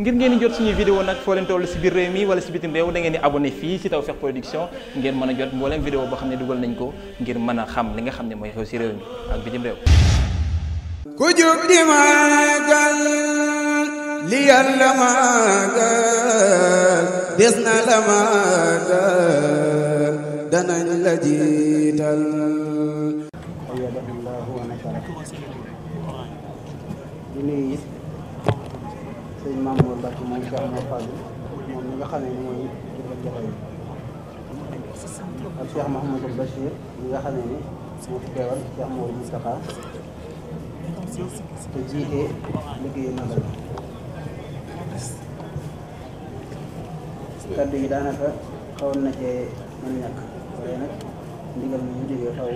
ngir ngeen jot suñu vidéo nag foo leen toll si biir réew mi wala si bitim réew da ngeen di abonné fii si Tawfekh Production ngeen mën a jot mbooleem vidéo boo xam ne dugal nañ ko ngir mën a xam li nga xam ne mooy xew si réew mi ak bitim réew ku jóg di màggal li yàlla màggal des na la màggal danañ la jiital ñu nuyu sëñ Maam Mor Mbacke moom Cheikh nga xam ne mooy jëfal joxe yi ak Cheikh Mahmoudou xam ne ni moo fi teewal Cheikh Mor Moustapha te jiite liggéeyu magal kaddu yi daanaka xawoon na cee mën ñàkk waaye nag ndigal mi ñu jógee xaw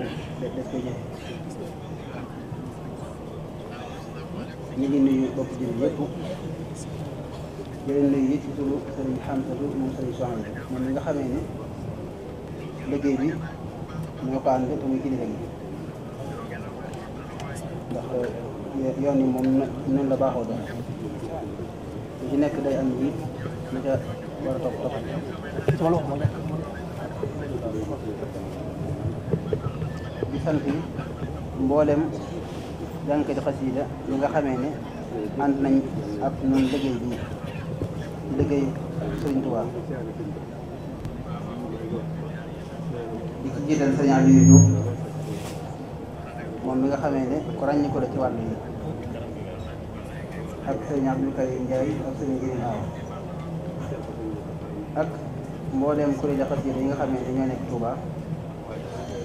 di leen nuyu ci turu sëriñ Hamsatu moom sëriñ Soxna moom mi nga xamee ne liggéey bi moo ko euh, yoon la baaxoo doon ci nekk day am jiit lu di sant yi mboolem jànkati xasida yi nga xamee ne ànd nañ ak ñun liggéey bi liggéey Sëriñ Tuubaa di ci jiital sëriñ Aliou Diop moom mi nga xamee ne ku ràññi ko la ci wàll yi ak sëriñ Abdou Karim Ndiaye ak sëriñ Jëri Aw ak mbooleem kuréelu xasida yi nga xamee ne ñoo nekk Touba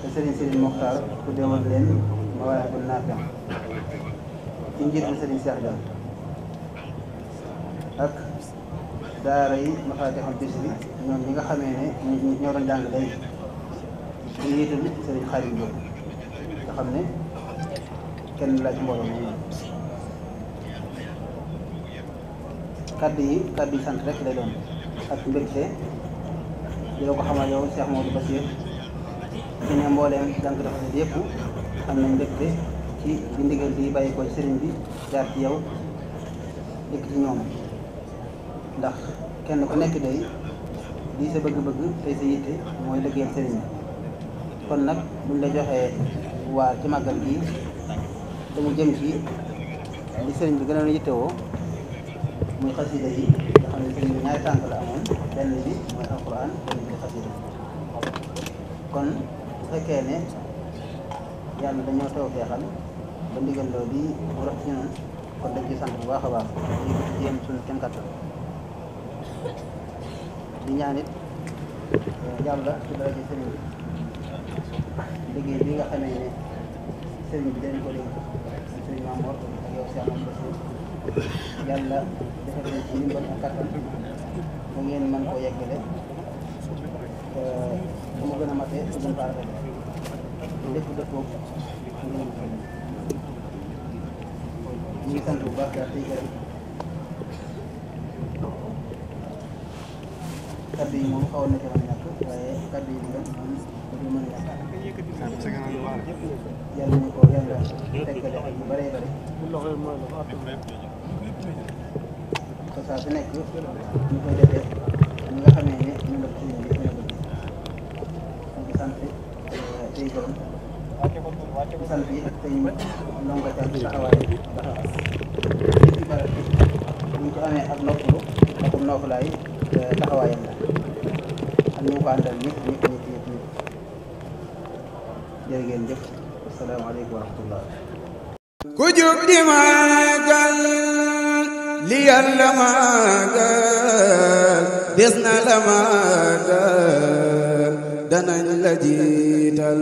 te sëriñ Sëriñ Mokhtar ku deewal leen ma waaye bu naafe ci njiital sëriñ Cheikh Dia ak daara yi Mafatihul Bichri ñoom ñi nga xamee ne ñoo doon jàng day ñu yéetal sëriñ Xarim Diop nga xam ne kenn laaj mbooloo mi ñoom yi kaddu yi sant rek lay doon ak mbégte di ko xamal yow seex Modou Bassir fi ne mbooleem jàng dafa ne yëpp am nañ ci bi ndigal bi bàyyi ko sëriñ bi jaar ci yow dëkk ci ñoom ndax kenn ku nekk day lii sa bëgg-bëgg tey sa yitte mooy liggéeyal sëriñ bi kon nag buñ la joxee waar ci màggal gii damu jëm ci li sëriñ bi gënoon a yittewoo muy xasida yi nga xam ne sëriñ bi ñaari tànk la amoon benn bi mooy alquran benn bi xasida kon bu fekkee ne yàlla dañoo taw feexal ba ndigal bi bu rafet ci ñun kon dañ ci sant bu baax a baax jéem suñu kem kattan di ñaanit euh, yàlla ci daraja sëriñ bi liggéey bi nga xamee ne sëriñ bi dañ ko léegi sëriñ Maam Mor ak yàlla defal leen ci ndimbal ak kattan bu ngeen mën koo yeggale euh, bu mu gën a matee bu gën paarale lépp dëppoo ñu ngi sant bu baax daal tey kaddu yi moom xawoon na ci mën a ñàkk waaye kaddu yi moom du mën a ñàkk yàlla ñu ko yàlla tekkale ak yu bëree bëri te saa su nekk ñu koy defee ñi nga xamee ne ñu la suñu bi ñu ko sant tey gërëm sant yi ak tey ndongo ca taxawaay ndax ci barab bi ñu ko amee ak noppalu akum noppalaay taxawaayam la ak ñu ko àndal ñëpp ñëpp ñëpp ñëpp ñëpp jërë ngeen jëf asalaamaaleykum wa rahmatullah ku jóg di màggal li yàlla màggal des na la màggal danañ la jiital